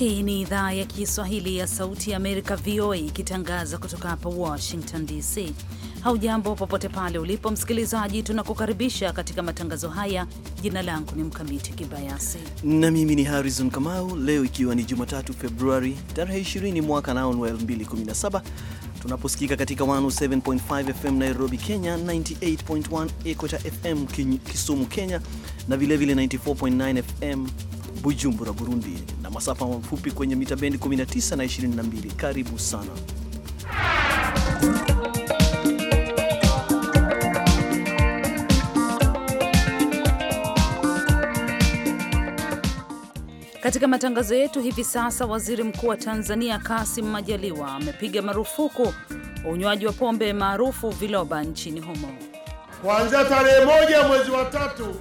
Hii ni idhaa ya Kiswahili ya Sauti ya Amerika, VOA, ikitangaza kutoka hapa Washington DC. Haujambo popote pale ulipo msikilizaji, tunakukaribisha katika matangazo haya. Jina langu ni Mkamiti Kibayasi na mimi ni Harrison Kamau. Leo ikiwa ni Jumatatu, Februari tarehe 20 mwaka nao 2017 tunaposikika katika 107.5 FM Nairobi, Kenya, 98.1 Equator FM Kisumu, Kenya, na vilevile 94.9 FM Bujumbura, Burundi, na masafa mafupi kwenye mita bendi 19 na 22. Karibu sana. Katika matangazo yetu hivi sasa, waziri mkuu wa Tanzania Kasim Majaliwa amepiga marufuku unywaji wa pombe maarufu viloba nchini humo kuanzia tarehe moja mwezi wa tatu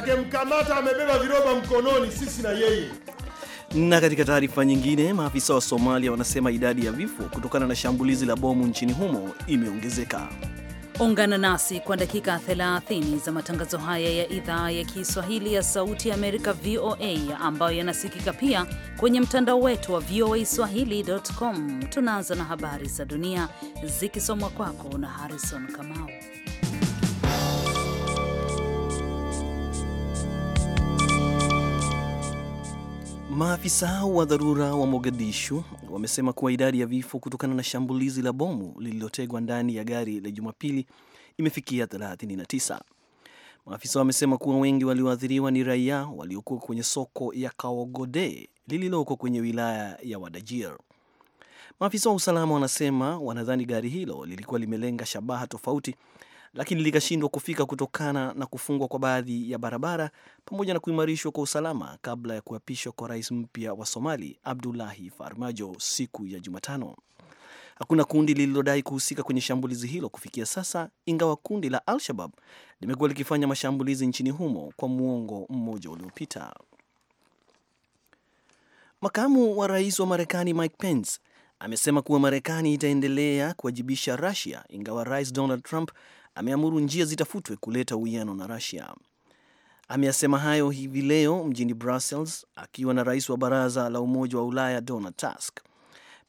tutakemkamata amebeba viroba mkononi, sisi na yeye. Na katika taarifa nyingine, maafisa wa Somalia wanasema idadi ya vifo kutokana na shambulizi la bomu nchini humo imeongezeka. Ungana nasi kwa dakika 30 za matangazo haya ya idhaa ya Kiswahili ya Sauti ya Amerika, VOA, ambayo yanasikika pia kwenye mtandao wetu wa VOA Swahili.com. Tunaanza na habari za dunia zikisomwa kwako na Harrison Kamau. Maafisa wa dharura wa Mogadishu wamesema kuwa idadi ya vifo kutokana na shambulizi la bomu lililotegwa ndani ya gari la Jumapili imefikia 39. Maafisa wamesema kuwa wengi walioathiriwa ni raia waliokuwa kwenye soko ya Kaogode lililoko kwenye wilaya ya Wadajir. Maafisa wa usalama wanasema wanadhani gari hilo lilikuwa limelenga shabaha tofauti lakini likashindwa kufika kutokana na kufungwa kwa baadhi ya barabara pamoja na kuimarishwa kwa usalama kabla ya kuapishwa kwa rais mpya wa Somali Abdullahi Farmajo siku ya Jumatano. Hakuna kundi lililodai kuhusika kwenye shambulizi hilo kufikia sasa, ingawa kundi la Al-Shabab limekuwa likifanya mashambulizi nchini humo kwa muongo mmoja uliopita. Makamu wa rais wa Marekani Mike Pence amesema kuwa Marekani itaendelea kuwajibisha Russia ingawa rais Donald Trump ameamuru njia zitafutwe kuleta uwiano na rusia Ameyasema hayo hivi leo mjini Brussels akiwa na rais wa baraza la Umoja wa Ulaya Donald Tusk.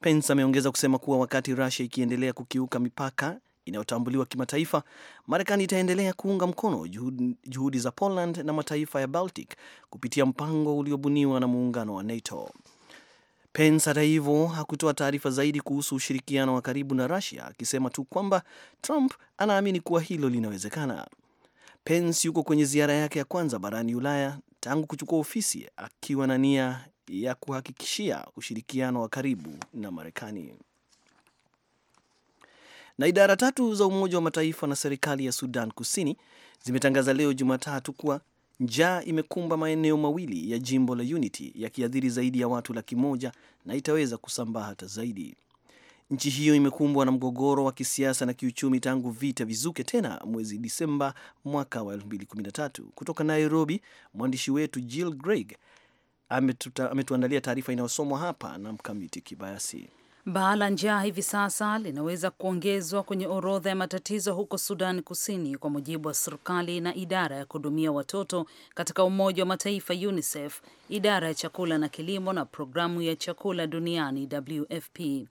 Pence ameongeza kusema kuwa wakati rusia ikiendelea kukiuka mipaka inayotambuliwa kimataifa, Marekani itaendelea kuunga mkono juhudi, juhudi za Poland na mataifa ya Baltic kupitia mpango uliobuniwa na muungano wa NATO. Pence hata hivyo hakutoa taarifa zaidi kuhusu ushirikiano wa karibu na Russia, akisema tu kwamba Trump anaamini kuwa hilo linawezekana. Pence yuko kwenye ziara yake ya kwanza barani Ulaya tangu kuchukua ofisi, akiwa na nia ya kuhakikishia ushirikiano wa karibu na Marekani. Na idara tatu za Umoja wa Mataifa na serikali ya Sudan Kusini zimetangaza leo Jumatatu kuwa Njaa imekumba maeneo mawili ya jimbo la Unity yakiathiri zaidi ya watu laki moja na itaweza kusambaa hata zaidi. Nchi hiyo imekumbwa na mgogoro wa kisiasa na kiuchumi tangu vita vizuke tena mwezi Disemba mwaka wa 2013. Kutoka Nairobi, mwandishi wetu Jill Greg ametuandalia taarifa inayosomwa hapa na Mkamiti Kibayasi. Baa la njaa hivi sasa linaweza kuongezwa kwenye orodha ya matatizo huko Sudan Kusini, kwa mujibu wa serikali na idara ya kuhudumia watoto katika Umoja wa Mataifa, UNICEF, idara ya chakula na kilimo na programu ya chakula duniani WFP.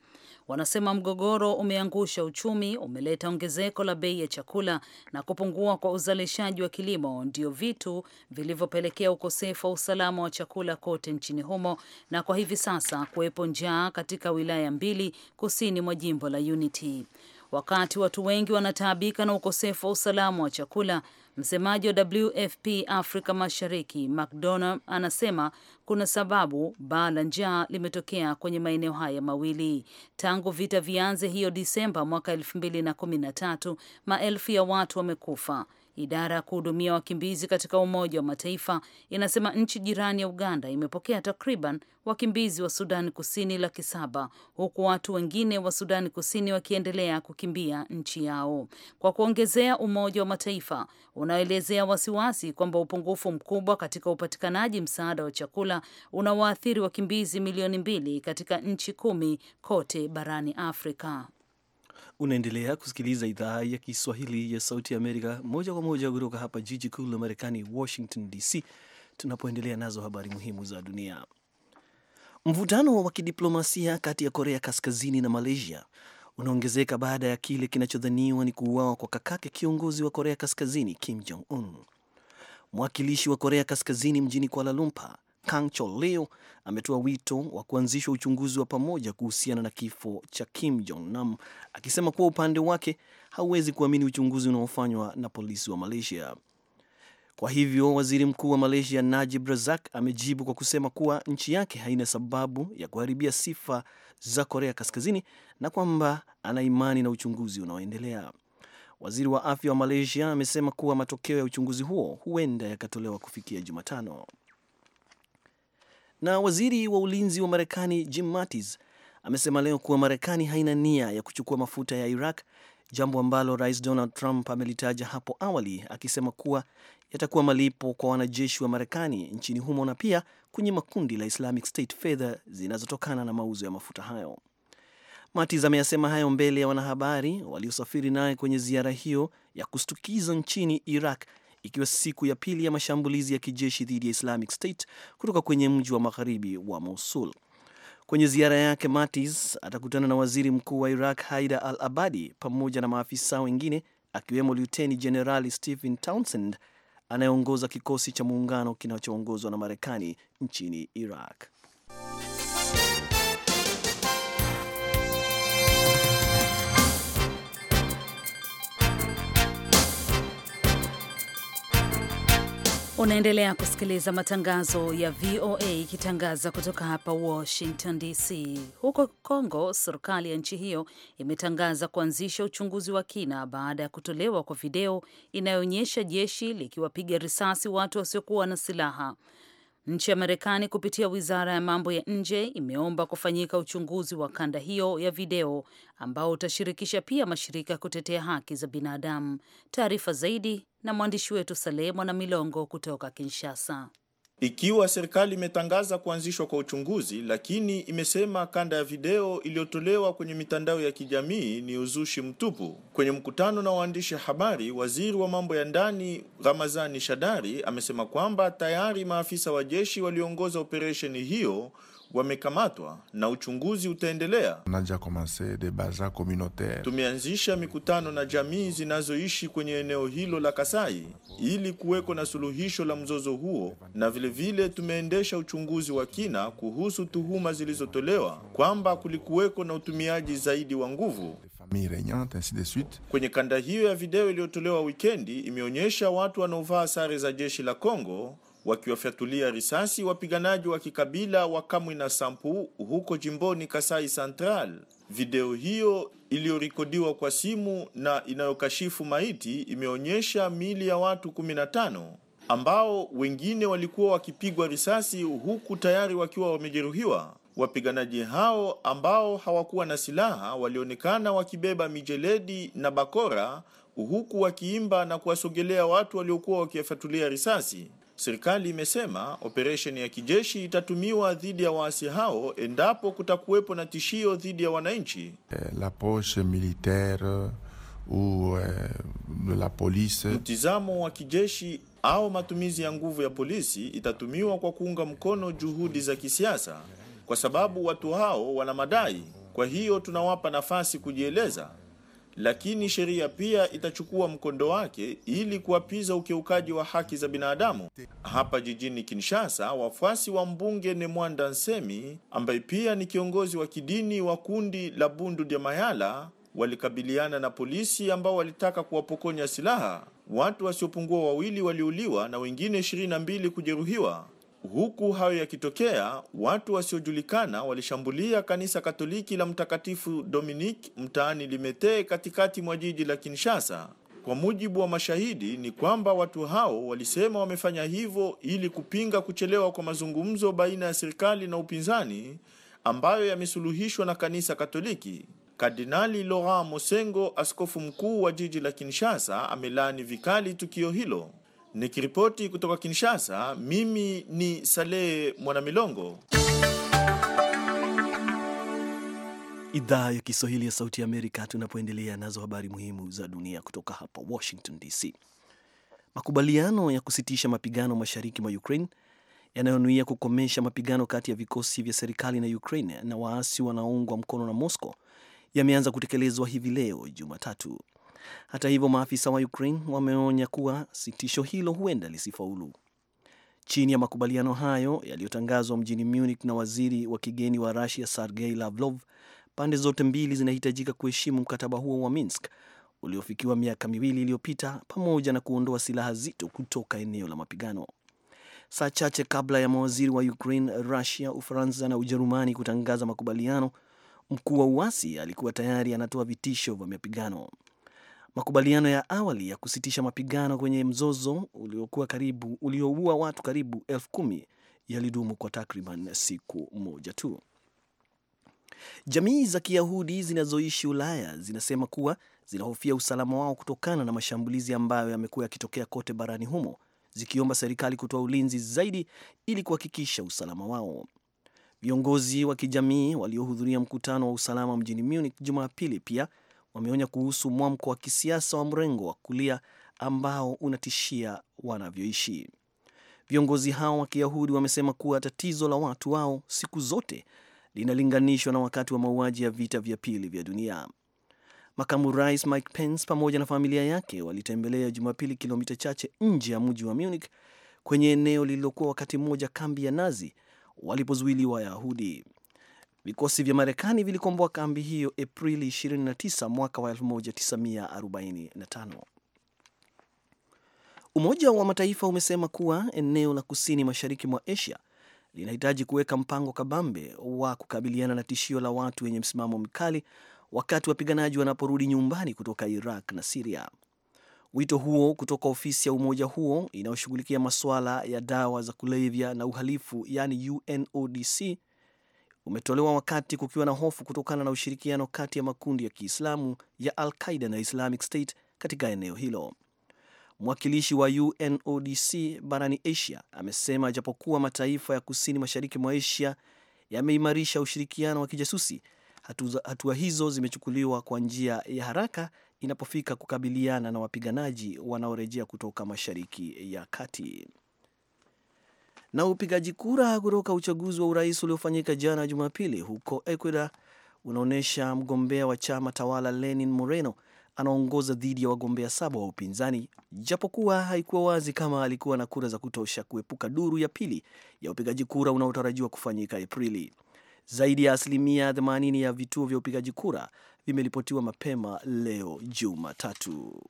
Wanasema mgogoro umeangusha uchumi, umeleta ongezeko la bei ya chakula na kupungua kwa uzalishaji wa kilimo, ndio vitu vilivyopelekea ukosefu wa usalama wa chakula kote nchini humo, na kwa hivi sasa kuwepo njaa katika wilaya mbili kusini mwa jimbo la Unity. Wakati watu wengi wanataabika na ukosefu wa usalama wa chakula, Msemaji wa WFP Afrika Mashariki mcdonald anasema kuna sababu baa la njaa limetokea kwenye maeneo haya mawili tangu vita vianze hiyo Disemba mwaka 2013. Maelfu ya watu wamekufa. Idara ya kuhudumia wakimbizi katika Umoja wa Mataifa inasema nchi jirani ya Uganda imepokea takriban wakimbizi wa Sudani Kusini laki saba huku watu wengine wa Sudani Kusini wakiendelea kukimbia nchi yao. Kwa kuongezea, Umoja wa Mataifa unaelezea wasiwasi kwamba upungufu mkubwa katika upatikanaji msaada wa chakula unawaathiri wakimbizi milioni mbili katika nchi kumi kote barani Afrika. Unaendelea kusikiliza idhaa ya Kiswahili ya Sauti ya Amerika moja kwa moja kutoka hapa jiji kuu la Marekani, Washington DC, tunapoendelea nazo habari muhimu za dunia. Mvutano wa kidiplomasia kati ya Korea Kaskazini na Malaysia unaongezeka baada ya kile kinachodhaniwa ni kuuawa kwa kakake kiongozi wa Korea Kaskazini Kim Jong Un. Mwakilishi wa Korea Kaskazini mjini Kuala Lumpur Kang Cho Leo ametoa wito wa kuanzishwa uchunguzi wa pamoja kuhusiana na kifo cha Kim Jong Nam, akisema kuwa upande wake hauwezi kuamini uchunguzi unaofanywa na polisi wa Malaysia. Kwa hivyo waziri mkuu wa Malaysia Najib Razak amejibu kwa kusema kuwa nchi yake haina sababu ya kuharibia sifa za Korea Kaskazini na kwamba ana imani na uchunguzi unaoendelea. Waziri wa afya wa Malaysia amesema kuwa matokeo ya uchunguzi huo huenda yakatolewa kufikia Jumatano. Na waziri wa ulinzi wa Marekani Jim Mattis amesema leo kuwa Marekani haina nia ya kuchukua mafuta ya Iraq, jambo ambalo Rais Donald Trump amelitaja hapo awali akisema kuwa yatakuwa malipo kwa wanajeshi wa Marekani nchini humo na pia kwenye makundi la Islamic State fedha zinazotokana na mauzo ya mafuta hayo. Mattis ameyasema hayo mbele ya wanahabari waliosafiri naye kwenye ziara hiyo ya kustukiza nchini Iraq ikiwa siku ya pili ya mashambulizi ya kijeshi dhidi ya Islamic State kutoka kwenye mji wa magharibi wa Mosul. Kwenye ziara yake, Mattis atakutana na waziri mkuu wa Iraq haida al Abadi pamoja na maafisa wengine akiwemo luteni jenerali Stephen Townsend anayeongoza kikosi cha muungano kinachoongozwa na Marekani nchini Iraq. Unaendelea kusikiliza matangazo ya VOA ikitangaza kutoka hapa Washington DC. Huko congo serikali ya nchi hiyo imetangaza kuanzisha uchunguzi wa kina baada ya kutolewa kwa video inayoonyesha jeshi likiwapiga risasi watu wasiokuwa na silaha. Nchi ya Marekani kupitia wizara ya mambo ya nje imeomba kufanyika uchunguzi wa kanda hiyo ya video ambao utashirikisha pia mashirika ya kutetea haki za binadamu. Taarifa zaidi na mwandishi wetu Saleh na Milongo kutoka Kinshasa. Ikiwa serikali imetangaza kuanzishwa kwa uchunguzi, lakini imesema kanda ya video iliyotolewa kwenye mitandao ya kijamii ni uzushi mtupu. Kwenye mkutano na waandishi habari, waziri wa mambo ya ndani Ramazani Shadari amesema kwamba tayari maafisa wa jeshi walioongoza operesheni hiyo wamekamatwa na uchunguzi utaendelea. Tumeanzisha mikutano na jamii zinazoishi kwenye eneo hilo la Kasai ili kuweko na suluhisho la mzozo huo, na vilevile tumeendesha uchunguzi wa kina kuhusu tuhuma zilizotolewa kwamba kulikuweko na utumiaji zaidi wa nguvu kwenye kanda hiyo. Ya video iliyotolewa wikendi imeonyesha watu wanaovaa sare za jeshi la Kongo wakiwafyatulia risasi wapiganaji wa kikabila wa na Sampu huko jimboni Kasai Central. Video hiyo iliyorekodiwa kwa simu na inayokashifu maiti imeonyesha miili ya watu 15 ambao wengine walikuwa wakipigwa risasi huku tayari wakiwa wamejeruhiwa. Wapiganaji hao ambao hawakuwa na silaha walionekana wakibeba mijeledi na bakora huku wakiimba na kuwasogelea watu waliokuwa wakiwafyatulia risasi. Serikali imesema operesheni ya kijeshi itatumiwa dhidi ya waasi hao endapo kutakuwepo na tishio dhidi ya wananchi. Eh, poche militaire ou eh, de la police, mtizamo wa kijeshi au matumizi ya nguvu ya polisi itatumiwa kwa kuunga mkono juhudi za kisiasa, kwa sababu watu hao wana madai. Kwa hiyo tunawapa nafasi kujieleza lakini sheria pia itachukua mkondo wake ili kuapiza ukiukaji wa haki za binadamu. Hapa jijini Kinshasa, wafuasi wa mbunge Nemwanda Nsemi ambaye pia ni kiongozi wa kidini wa kundi la Bundu de Mayala walikabiliana na polisi ambao walitaka kuwapokonya silaha. Watu wasiopungua wawili waliuliwa na wengine 22 kujeruhiwa. Huku hayo yakitokea, watu wasiojulikana walishambulia kanisa Katoliki la Mtakatifu Dominik mtaani Limete katikati mwa jiji la Kinshasa. Kwa mujibu wa mashahidi ni kwamba watu hao walisema wamefanya hivyo ili kupinga kuchelewa kwa mazungumzo baina ya serikali na upinzani ambayo yamesuluhishwa na kanisa Katoliki. Kardinali Laurent Mosengo, askofu mkuu wa jiji la Kinshasa, amelaani vikali tukio hilo. Nikiripoti kutoka Kinshasa, mimi ni salehe Mwanamilongo. Idhaa ya Kiswahili ya Sauti ya Amerika, tunapoendelea nazo habari muhimu za dunia kutoka hapa Washington DC. Makubaliano ya kusitisha mapigano mashariki mwa Ukraine yanayonuia kukomesha mapigano kati ya vikosi vya serikali na Ukraine na waasi wanaoungwa mkono na Moscow yameanza kutekelezwa hivi leo Jumatatu. Hata hivyo, maafisa wa Ukraine wameonya kuwa sitisho hilo huenda lisifaulu. Chini ya makubaliano hayo yaliyotangazwa mjini Munich na waziri wa kigeni wa Rusia Sergei Lavrov, pande zote mbili zinahitajika kuheshimu mkataba huo wa Minsk uliofikiwa miaka miwili iliyopita pamoja na kuondoa silaha zito kutoka eneo la mapigano. Saa chache kabla ya mawaziri wa Ukraine, Rusia, Ufaransa na Ujerumani kutangaza makubaliano, mkuu wa uasi alikuwa tayari anatoa vitisho vya mapigano. Makubaliano ya awali ya kusitisha mapigano kwenye mzozo uliokuwa karibu ulioua watu karibu elfu kumi yalidumu kwa takriban siku moja tu. Jamii za Kiyahudi zinazoishi Ulaya zinasema kuwa zinahofia usalama wao kutokana na mashambulizi ambayo yamekuwa yakitokea kote barani humo, zikiomba serikali kutoa ulinzi zaidi ili kuhakikisha usalama wao. Viongozi wa kijamii waliohudhuria mkutano wa usalama mjini Munich Jumapili pia wameonya kuhusu mwamko wa kisiasa wa mrengo wa kulia ambao unatishia wanavyoishi. Viongozi hao wa Kiyahudi wamesema kuwa tatizo la watu wao siku zote linalinganishwa na wakati wa mauaji ya vita vya pili vya dunia. Makamu Rais Mike Pence pamoja na familia yake walitembelea Jumapili kilomita chache nje ya mji wa Munich kwenye eneo lililokuwa wakati mmoja kambi ya Nazi walipozuiliwa Wayahudi. Vikosi vya Marekani vilikomboa kambi hiyo Aprili 29 mwaka wa 1945. Umoja wa Mataifa umesema kuwa eneo la kusini mashariki mwa Asia linahitaji kuweka mpango kabambe wa kukabiliana na tishio la watu wenye msimamo mkali wakati wapiganaji wanaporudi nyumbani kutoka Iraq na Siria. Wito huo kutoka ofisi ya umoja huo inayoshughulikia masuala ya dawa za kulevya na uhalifu, yani UNODC, umetolewa wakati kukiwa na hofu kutokana na ushirikiano kati ya makundi ya Kiislamu ya Al-Qaida na Islamic State katika eneo hilo. Mwakilishi wa UNODC barani Asia amesema japokuwa mataifa ya kusini mashariki mwa Asia yameimarisha ushirikiano wa kijasusi, hatua hizo zimechukuliwa kwa njia ya haraka inapofika kukabiliana na wapiganaji wanaorejea kutoka mashariki ya kati na upigaji kura kutoka uchaguzi wa urais uliofanyika jana Jumapili huko Ecuador unaonyesha mgombea wa chama tawala Lenin Moreno anaongoza dhidi ya wagombea saba wa upinzani, japokuwa haikuwa wazi kama alikuwa na kura za kutosha kuepuka duru ya pili ya upigaji kura unaotarajiwa kufanyika Aprili. Zaidi ya asilimia 80 ya vituo vya upigaji kura vimeripotiwa mapema leo Jumatatu.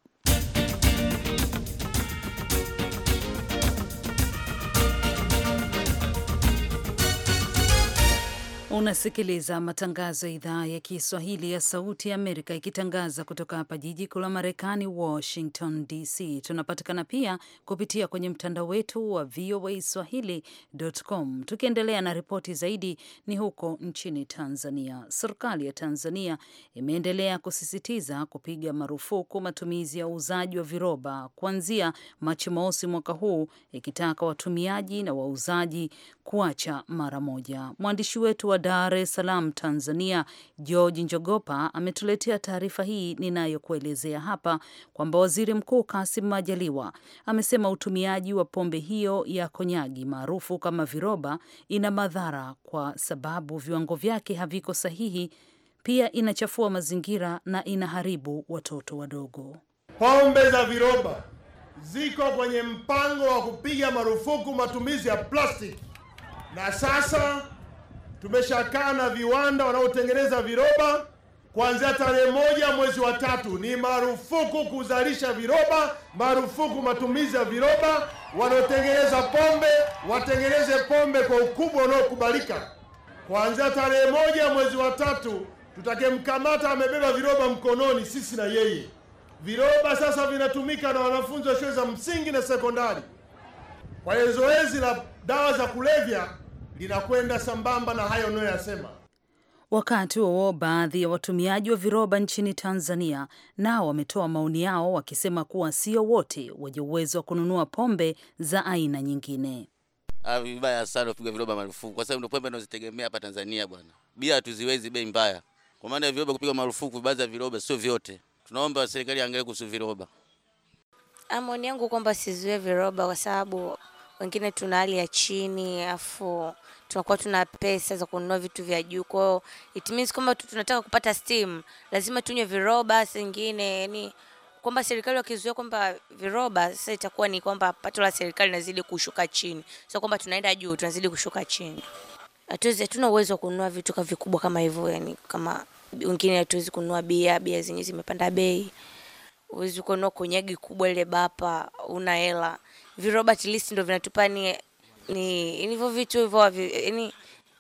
Unasikiliza matangazo ya idhaa ya Kiswahili ya Sauti ya Amerika ikitangaza kutoka hapa jiji kuu la Marekani, Washington DC. Tunapatikana pia kupitia kwenye mtandao wetu wa VOA Swahili.com. Tukiendelea na ripoti zaidi, ni huko nchini Tanzania. Serikali ya Tanzania imeendelea kusisitiza kupiga marufuku matumizi ya uuzaji wa viroba kuanzia Machi mosi mwaka huu, ikitaka watumiaji na wauzaji kuacha mara moja. Mwandishi wetu wa Dar es Salaam, Tanzania, George Njogopa ametuletea taarifa hii ninayokuelezea hapa kwamba Waziri Mkuu kasim Majaliwa amesema utumiaji wa pombe hiyo ya konyagi maarufu kama viroba ina madhara kwa sababu viwango vyake haviko sahihi. Pia inachafua mazingira na inaharibu watoto wadogo. Pombe za viroba ziko kwenye mpango wa kupiga marufuku matumizi ya plastiki, na sasa Tumeshakaa na viwanda wanaotengeneza viroba, kuanzia tarehe moja mwezi wa tatu ni marufuku kuzalisha viroba, marufuku matumizi ya viroba. Wanaotengeneza pombe watengeneze pombe kwa ukubwa unaokubalika. Kuanzia tarehe moja mwezi wa tatu tutakemkamata amebeba viroba mkononi, sisi na yeye. Viroba sasa vinatumika na wanafunzi wa shule za msingi na sekondari. Kwa hiyo zoezi la dawa za kulevya linakwenda sambamba na hayo unayoyasema. Wakati huo baadhi ya watumiaji wa viroba nchini Tanzania nao wametoa maoni yao wakisema kuwa sio wote wenye uwezo wa kununua pombe za aina nyingine. Ah, vibaya sana upiga viroba marufuku, kwa sababu ndio pombe anazitegemea hapa Tanzania bwana. Bia hatuziwezi bei mbaya, kwa maana ya viroba kupiga marufuku, baadhi ya viroba, sio vyote. Tunaomba serikali angalie kuhusu viroba. Ah, maoni yangu kwamba sizuie viroba kwa sababu wengine tuna hali ya chini, afu tunakuwa tuna pesa za kununua vitu vya juu. Kwa it means kwamba tunataka kupata steam, lazima tunywe viroba singine yani kwamba serikali wakizuia kwamba viroba, sasa itakuwa ni kwamba pato la serikali linazidi kushuka chini, sio kwamba tunaenda juu, tunazidi kushuka chini. Hatuwezi, hatuna uwezo wa kununua vitu kama vikubwa kama hivyo, yani kama wengine hatuwezi kununua bia, bia zenyewe zimepanda bei. Uwezi kununua konyagi kubwa ile bapa, una hela virobot list ndo vinatupa ni ni hivyo vitu hivyo yani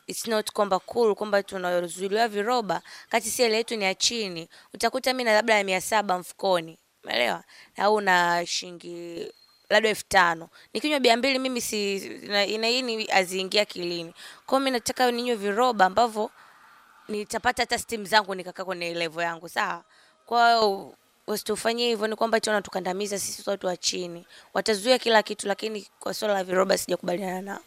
it's not kwamba cool kwamba tunazuiliwa viroba kati si ile yetu ni ya chini. Utakuta mimi na labda ya mia saba mfukoni, umeelewa, au na shilingi labda elfu tano nikinywa bia mbili mimi si ina hii aziingia kilini. Kwa hiyo mimi nataka ninywe viroba ambavyo nitapata hata stimu zangu nikakaa kwenye level yangu, sawa. Kwa wasitufanyie hivyo ni kwamba eti wanatukandamiza sisi watu wa chini, watazuia kila kitu, lakini kwa swala la viroba sijakubaliana nao.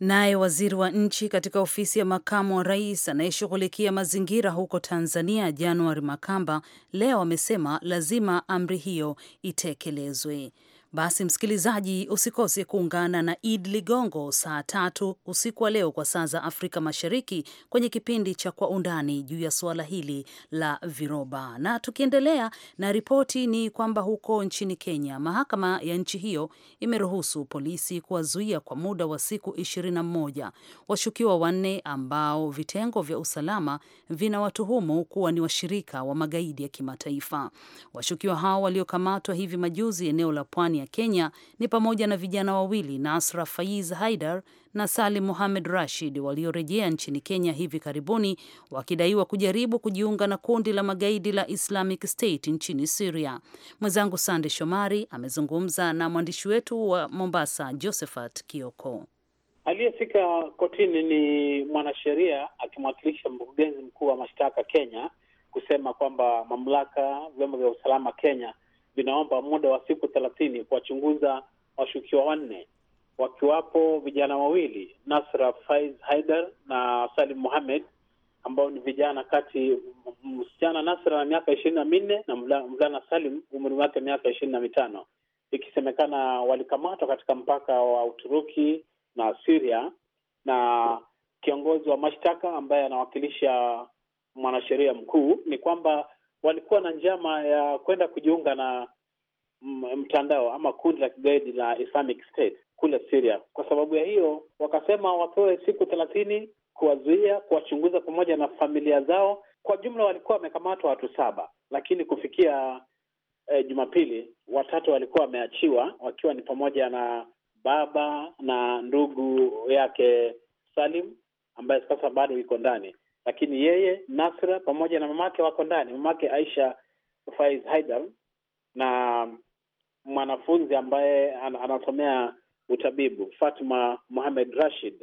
Naye waziri wa nchi katika ofisi ya makamu wa rais anayeshughulikia mazingira huko Tanzania, Januari Makamba, leo amesema lazima amri hiyo itekelezwe. Basi msikilizaji, usikose kuungana na Id Ligongo saa tatu usiku wa leo kwa saa za Afrika Mashariki kwenye kipindi cha Kwa Undani juu ya suala hili la viroba. Na tukiendelea na ripoti, ni kwamba huko nchini Kenya, mahakama ya nchi hiyo imeruhusu polisi kuwazuia kwa muda wa siku 21 washukiwa wanne ambao vitengo vya usalama vinawatuhumu kuwa ni washirika wa magaidi ya kimataifa. Washukiwa hao waliokamatwa hivi majuzi eneo la pwani ya Kenya ni pamoja na vijana wawili Nasra Faiz Haidar na Salim Mohamed Rashid waliorejea nchini Kenya hivi karibuni wakidaiwa kujaribu kujiunga na kundi la magaidi la Islamic State nchini Syria. Mwenzangu Sande Shomari amezungumza na mwandishi wetu wa Mombasa Josephat Kioko. Aliyefika kotini ni mwanasheria akimwakilisha mkurugenzi mkuu wa mashtaka Kenya kusema kwamba mamlaka, vyombo vya usalama Kenya vinaomba muda wa siku thelathini kuwachunguza washukiwa wanne wakiwapo vijana wawili Nasra Faiz Haider na Salim muhamed ambao ni vijana kati, msichana Nasra na miaka ishirini na minne na mvulana Salim umri wake miaka ishirini na mitano ikisemekana walikamatwa katika mpaka wa Uturuki na siria na kiongozi wa mashtaka ambaye anawakilisha mwanasheria mkuu ni kwamba walikuwa na njama ya kwenda kujiunga na mtandao ama kundi la kigaidi la Islamic State kule Syria. Kwa sababu ya hiyo, wakasema wapewe siku thelathini kuwazuia, kuwachunguza pamoja na familia zao. Kwa jumla walikuwa wamekamatwa watu saba, lakini kufikia eh, Jumapili watatu walikuwa wameachiwa, wakiwa ni pamoja na baba na ndugu yake Salim ambaye sasa bado iko ndani lakini yeye Nasra pamoja na mamake wako ndani, mamake Aisha Faiz Haidar na mwanafunzi ambaye anasomea utabibu Fatma Mohamed Rashid.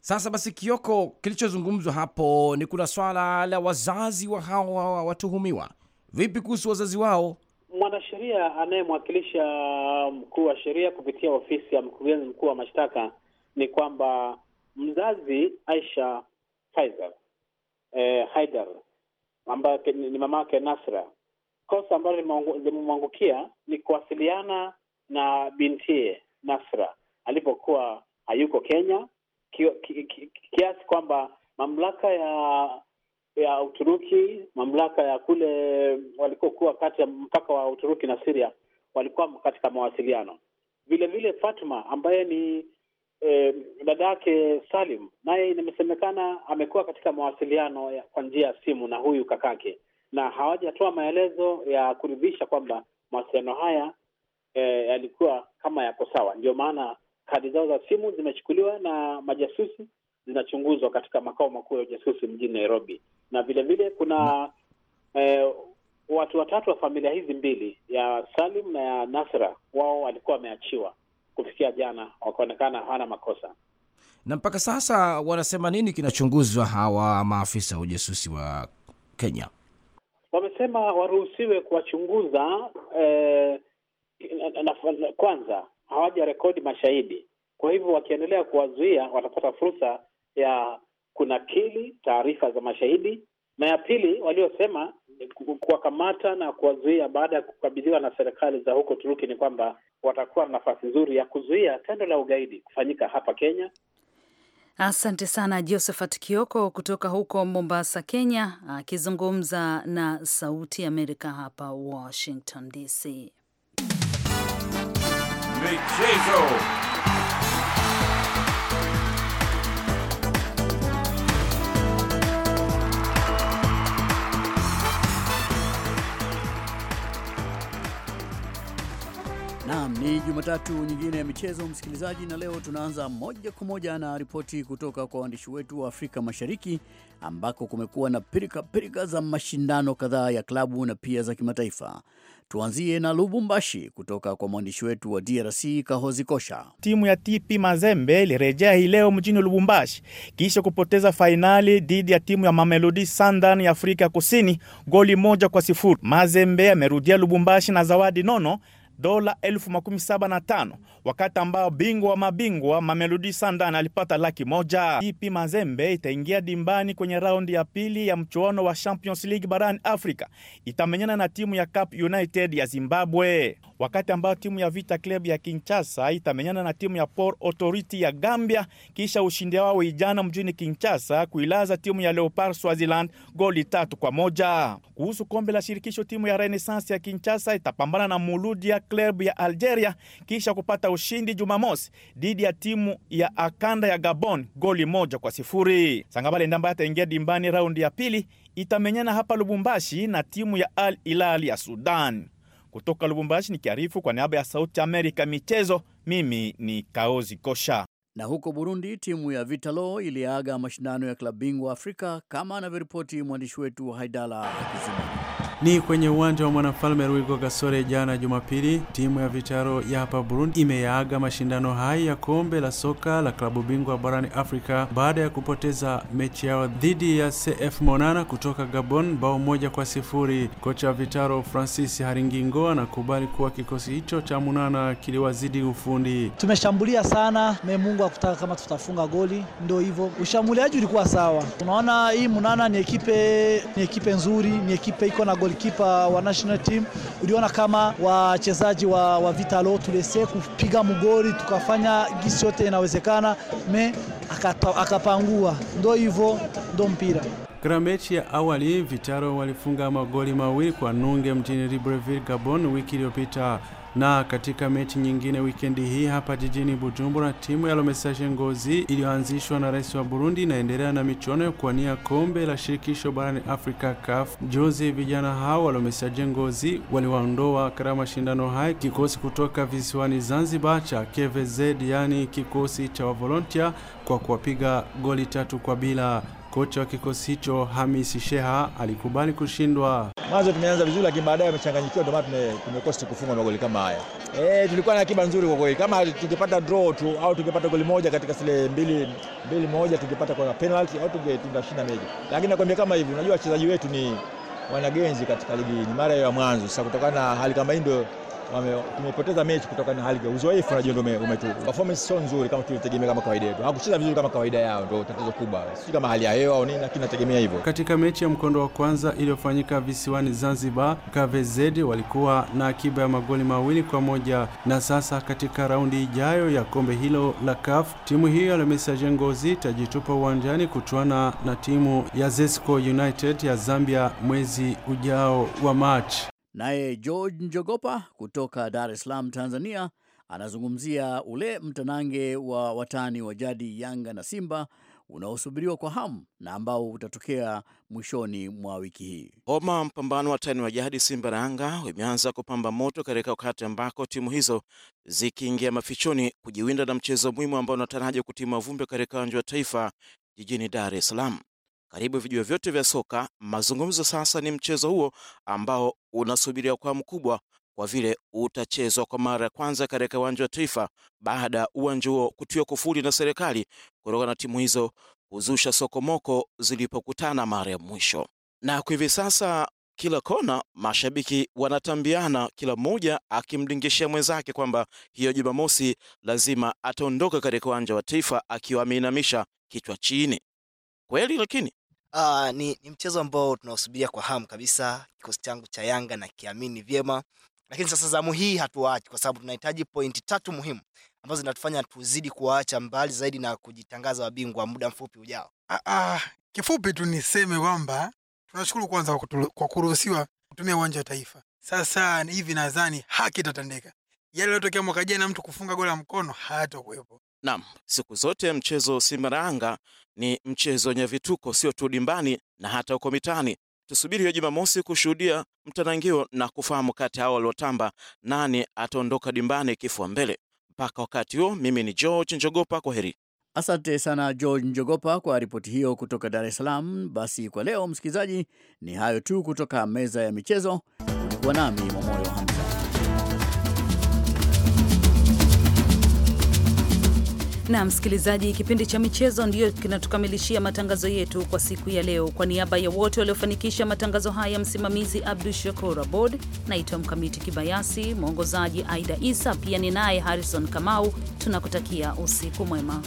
Sasa basi, Kioko, kilichozungumzwa hapo ni kuna swala la wazazi wa hawa watuhumiwa. Vipi kuhusu wazazi wao? Mwanasheria anayemwakilisha mkuu wa sheria kupitia ofisi ya mkurugenzi mkuu wa mashtaka ni kwamba mzazi Aisha Faisal eh, Haidar ambaye ni mama yake Nasra. Kosa ambalo limemwangukia ni kuwasiliana na bintie Nasra alipokuwa hayuko Kenya, kiasi kwamba mamlaka ya ya Uturuki, mamlaka ya kule walikokuwa kati ya mpaka wa Uturuki na Syria walikuwa katika mawasiliano. Vile vile Fatma ambaye ni eh, dada yake Salim naye imesemekana amekuwa katika mawasiliano kwa njia ya simu na huyu kakake, na hawajatoa maelezo ya kuridhisha kwamba mawasiliano haya eh, yalikuwa kama yako sawa. Ndio maana kadi zao za simu zimechukuliwa na majasusi zinachunguzwa katika makao makuu ya ujasusi mjini Nairobi, na vilevile kuna eh, watu watatu wa familia hizi mbili ya Salim na ya Nasra, wao walikuwa wameachiwa kufikia jana wakaonekana hawana makosa. Na mpaka sasa wanasema nini kinachunguzwa hawa maafisa wa ujasusi wa Kenya? Wamesema waruhusiwe kuwachunguza eh, kwanza hawaja rekodi mashahidi, kwa hivyo wakiendelea kuwazuia watapata fursa ya kunakili taarifa za mashahidi, na ya pili waliosema kuwakamata na kuwazuia baada ya kukabidhiwa na serikali za huko Turuki ni kwamba watakuwa na nafasi nzuri ya kuzuia tendo la ugaidi kufanyika hapa Kenya. Asante sana Josephat Kioko kutoka huko Mombasa, Kenya, akizungumza na Sauti Amerika hapa Washington DC. Michezo. Naam, ni Jumatatu nyingine ya michezo msikilizaji, na leo tunaanza moja kwa moja na ripoti kutoka kwa waandishi wetu wa Afrika Mashariki ambako kumekuwa na pirika pirika za mashindano kadhaa ya klabu na pia za kimataifa. Tuanzie na Lubumbashi kutoka kwa mwandishi wetu wa DRC Kahozi Kosha. Timu ya TP Mazembe ilirejea hii leo mjini Lubumbashi kisha kupoteza fainali dhidi ya timu ya Mamelodi Sundowns ya Afrika Kusini goli moja kwa sifuri. Mazembe amerudia Lubumbashi na zawadi nono dola elfu makumi saba na tano wakati ambao bingwa wa mabingwa Mamelodi Sundowns alipata laki moja. TP Mazembe itaingia dimbani kwenye raundi ya pili ya mchuano wa Champions League barani Afrika, itamenyana na timu ya Cap United ya Zimbabwe, wakati ambao timu ya Vita Club ya Kinshasa itamenyana na timu ya Port Authority ya Gambia kisha ushindi wao ijana mjini Kinshasa kuilaza timu ya Leopard Swaziland goli tatu kwa moja. Kuhusu kombe la shirikisho, timu ya Renaissance ya Kinshasa itapambana na Muludia klabu ya Algeria kisha kupata ushindi Jumamosi dhidi ya timu ya Akanda ya Gabon goli moja kwa sifuri. Sangabale Ndamba ataingia dimbani raundi ya pili, itamenyana hapa Lubumbashi na timu ya Al Hilal ya Sudan. Kutoka Lubumbashi ni kiarifu kwa niaba ya Sauti Amerika michezo, mimi ni Kaozi Kosha. Na huko Burundi, timu ya Vitalo iliaga mashindano ya klabu bingwa Afrika kama anavyoripoti mwandishi wetu Haidala kizima ni kwenye uwanja wa Mwanamfalme Ruigo Gasore jana Jumapili, timu ya Vitaro ya hapa Burundi imeyaaga mashindano hai ya kombe la soka la klabu bingwa barani Afrika baada ya kupoteza mechi yao dhidi ya CF Monana kutoka Gabon bao moja kwa sifuri. Kocha wa Vitaro Francis Haringingo anakubali kuwa kikosi hicho cha Munana kiliwazidi ufundi. Tumeshambulia sana me, Mungu akutaka kama tutafunga goli, ndio hivyo. Ushambuliaji ulikuwa sawa, unaona hii Munana ni ekipe, ni ekipe nzuri, ni ekipe iko na goli goalkeeper wa national team. Uliona kama wachezaji wa, wa Vitalo tulese kupiga mgoli, tukafanya gisi yote inawezekana, me akapangua. Ndo hivyo ndo mpira. Katika mechi ya awali Vitalo walifunga magoli mawili kwa nunge mjini Libreville, Gabon wiki iliyopita. Na katika mechi nyingine wikendi hii hapa jijini Bujumbura, timu ya Lomesashe Ngozi iliyoanzishwa na rais wa Burundi inaendelea na michuano ya kuwania kombe la shirikisho barani Afrika CAF. Juzi vijana hao wa Lomesashe Ngozi waliwaondoa katika mashindano haya kikosi kutoka visiwani Zanzibar cha KVZ, yani kikosi cha wavolontia kwa kuwapiga goli tatu kwa bila. Kocha wa kikosi hicho Hamis Sheha alikubali kushindwa. Mwanzo tumeanza vizuri, lakini baadaye amechanganyikiwa, ndio maana tumekosa kufunga magoli kama haya. E, tulikuwa na akiba nzuri kwa kweli. Kama tungepata draw tu au tungepata goli moja katika zile mbili, mbili moja tungepata kwa penalty au tungeshinda mechi, lakini nakwambia kama hivi, unajua wachezaji wetu ni wanagenzi katika ligi, ni mara ya mwanzo. Sasa kutokana na hali kama hii ndio tumepoteza mechi kutoka na hali ya uzoefu, na ndio umetu. performance sio nzuri kama tulitegemea, kama kawaida yetu hakucheza vizuri kama kawaida yao, ndio tatizo kubwa, Sio kama hali ya hewa au nini, lakini nategemea hivyo. Katika mechi ya mkondo wa kwanza iliyofanyika visiwani Zanzibar, KVZ walikuwa na akiba ya magoli mawili kwa moja, na sasa katika raundi ijayo ya kombe hilo la CAF timu hiyo ya ya Jengozi itajitupa uwanjani kutuana na timu ya Zesco United ya Zambia mwezi ujao wa Machi. Naye George Njogopa kutoka Dar es Salaam, Tanzania, anazungumzia ule mtanange wa watani wa jadi Yanga na Simba unaosubiriwa kwa hamu na ambao utatokea mwishoni mwa wiki hii. Homa mpambano wa tani wa jadi Simba na Yanga imeanza kupamba moto katika wakati ambako timu hizo zikiingia mafichoni kujiwinda na mchezo muhimu ambao unataraji kutima vumbi katika uwanja wa Taifa jijini Dar es Salaam. Karibu vijua vyote vya soka, mazungumzo sasa ni mchezo huo ambao unasubiriwa kwa mkubwa kwa vile utachezwa kwa mara ya kwanza katika uwanja wa Taifa baada ya uwanja huo kutiwa kufuli na serikali kutokana na timu hizo kuzusha sokomoko zilipokutana mara ya mwisho. Na kwa hivi sasa, kila kona mashabiki wanatambiana, kila mmoja akimdingishia mwenzake kwamba hiyo Jumamosi lazima ataondoka katika uwanja wa Taifa akiwa ameinamisha kichwa chini. Kweli, lakini Uh, ni, ni mchezo ambao tunaosubiria kwa hamu kabisa. Kikosi changu cha Yanga na kiamini vyema, lakini sasa zamu hii hatuwaachi, kwa sababu tunahitaji pointi tatu muhimu ambazo zinatufanya tuzidi kuwaacha mbali zaidi na kujitangaza wabingwa muda mfupi ujao. Ah, ah, kifupi tu niseme kwamba tunashukuru kwanza kwa kuruhusiwa kutumia uwanja wa Taifa. Sasa hivi nadhani haki itatendeka, yale yaliyotokea mwaka jana, mtu kufunga goli la mkono hayatakuwepo. Naam, siku zote mchezo Simba na Yanga ni mchezo wenye vituko, sio tu dimbani na hata huko mitaani. Tusubiri hiyo Jumamosi kushuhudia mtanangio na kufahamu kati hao waliotamba nani ataondoka dimbani kifua mbele. Mpaka wakati huo, mimi ni George Njogopa, kwa heri. Asante sana George Njogopa kwa ripoti hiyo kutoka Dar es Salaam. Basi kwa leo, msikilizaji, ni hayo tu kutoka meza ya michezo. Ulikuwa nami Momoyo Hamza. Na msikilizaji, kipindi cha michezo ndiyo kinatukamilishia matangazo yetu kwa siku ya leo. Kwa niaba ya wote waliofanikisha matangazo haya, msimamizi Abdu Shakur Abod, naitwa Mkamiti Kibayasi, mwongozaji Aida Isa, pia ni naye Harrison Kamau. Tunakutakia usiku mwema.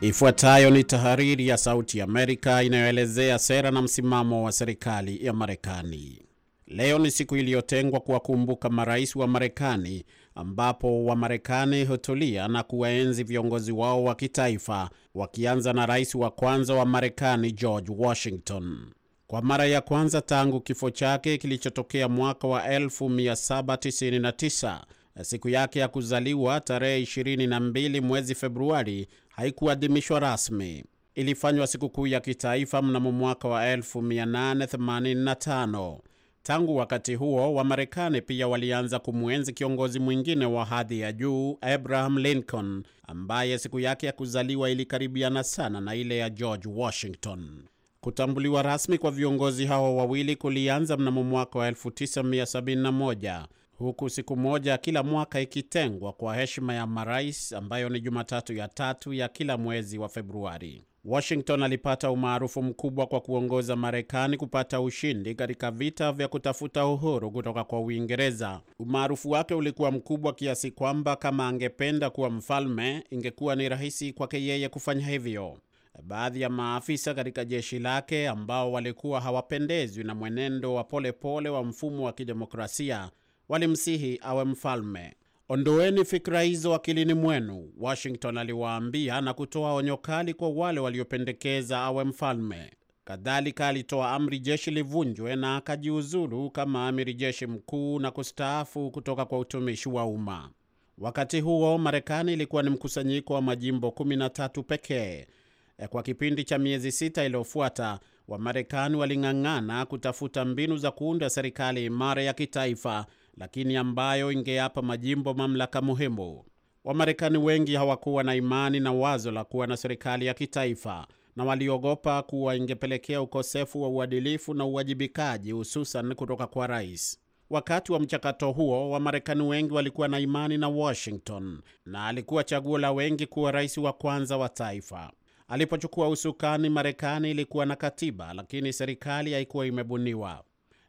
Ifuatayo ni tahariri ya Sauti ya Amerika inayoelezea sera na msimamo wa serikali ya Marekani. Leo ni siku iliyotengwa kuwakumbuka marais wa Marekani, ambapo Wamarekani hutulia na kuwaenzi viongozi wao wa kitaifa, wakianza na rais wa kwanza wa Marekani George Washington. Kwa mara ya kwanza tangu kifo chake kilichotokea mwaka wa 1799 siku yake ya kuzaliwa tarehe 22 mwezi Februari haikuadhimishwa rasmi. Ilifanywa sikukuu ya kitaifa mnamo mwaka wa 1885. Tangu wakati huo Wamarekani pia walianza kumwenzi kiongozi mwingine wa hadhi ya juu Abraham Lincoln, ambaye siku yake ya kuzaliwa ilikaribiana sana na ile ya George Washington. Kutambuliwa rasmi kwa viongozi hao wawili kulianza mnamo mwaka wa 1971 huku siku moja kila mwaka ikitengwa kwa heshima ya marais ambayo ni Jumatatu ya tatu ya kila mwezi wa Februari. Washington alipata umaarufu mkubwa kwa kuongoza Marekani kupata ushindi katika vita vya kutafuta uhuru kutoka kwa Uingereza. Umaarufu wake ulikuwa mkubwa kiasi kwamba kama angependa kuwa mfalme, ingekuwa ni rahisi kwake yeye kufanya hivyo. Baadhi ya maafisa katika jeshi lake ambao walikuwa hawapendezwi na mwenendo wa polepole pole wa mfumo wa kidemokrasia walimsihi awe mfalme. Ondoeni fikra hizo akilini mwenu, Washington aliwaambia na kutoa onyo kali kwa wale waliopendekeza awe mfalme. Kadhalika alitoa amri jeshi livunjwe na akajiuzulu kama amiri jeshi mkuu na kustaafu kutoka kwa utumishi wa umma. Wakati huo Marekani ilikuwa ni mkusanyiko wa majimbo 13 pekee. E, kwa kipindi cha miezi sita iliyofuata, Wamarekani waling'ang'ana kutafuta mbinu za kuunda serikali imara ya kitaifa lakini ambayo ingeapa majimbo mamlaka muhimu. Wamarekani wengi hawakuwa na imani na wazo la kuwa na serikali ya kitaifa na waliogopa kuwa ingepelekea ukosefu wa uadilifu na uwajibikaji, hususan kutoka kwa rais. Wakati wa mchakato huo, Wamarekani wengi walikuwa na imani na Washington na alikuwa chaguo la wengi kuwa rais wa kwanza wa taifa. Alipochukua usukani, Marekani ilikuwa na katiba, lakini serikali haikuwa imebuniwa.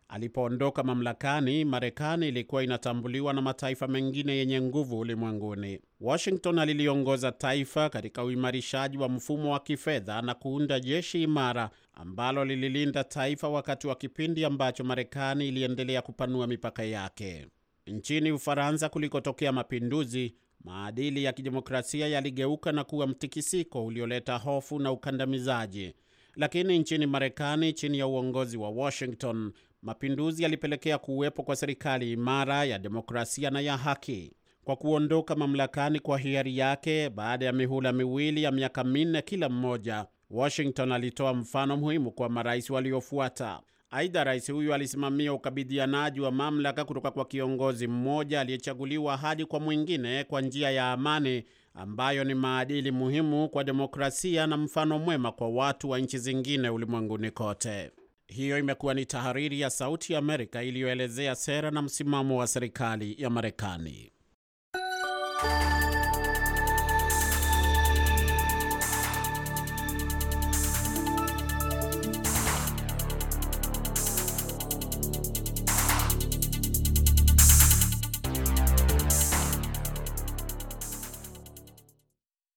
Alipoondoka mamlakani, Marekani ilikuwa inatambuliwa na mataifa mengine yenye nguvu ulimwenguni. Washington aliliongoza taifa katika uimarishaji wa mfumo wa kifedha na kuunda jeshi imara ambalo lililinda taifa wakati wa kipindi ambacho Marekani iliendelea kupanua mipaka yake. Nchini Ufaransa kulikotokea mapinduzi, maadili ya kidemokrasia yaligeuka na kuwa mtikisiko ulioleta hofu na ukandamizaji. Lakini nchini Marekani chini ya uongozi wa Washington mapinduzi yalipelekea kuwepo kwa serikali imara ya demokrasia na ya haki. Kwa kuondoka mamlakani kwa hiari yake baada ya mihula miwili ya miaka minne kila mmoja, Washington alitoa mfano muhimu kwa marais waliofuata. Aidha, rais huyu alisimamia ukabidhianaji wa mamlaka kutoka kwa kiongozi mmoja aliyechaguliwa hadi kwa mwingine kwa njia ya amani, ambayo ni maadili muhimu kwa demokrasia na mfano mwema kwa watu wa nchi zingine ulimwenguni kote. Hiyo imekuwa ni tahariri ya Sauti ya Amerika iliyoelezea sera na msimamo wa serikali ya Marekani.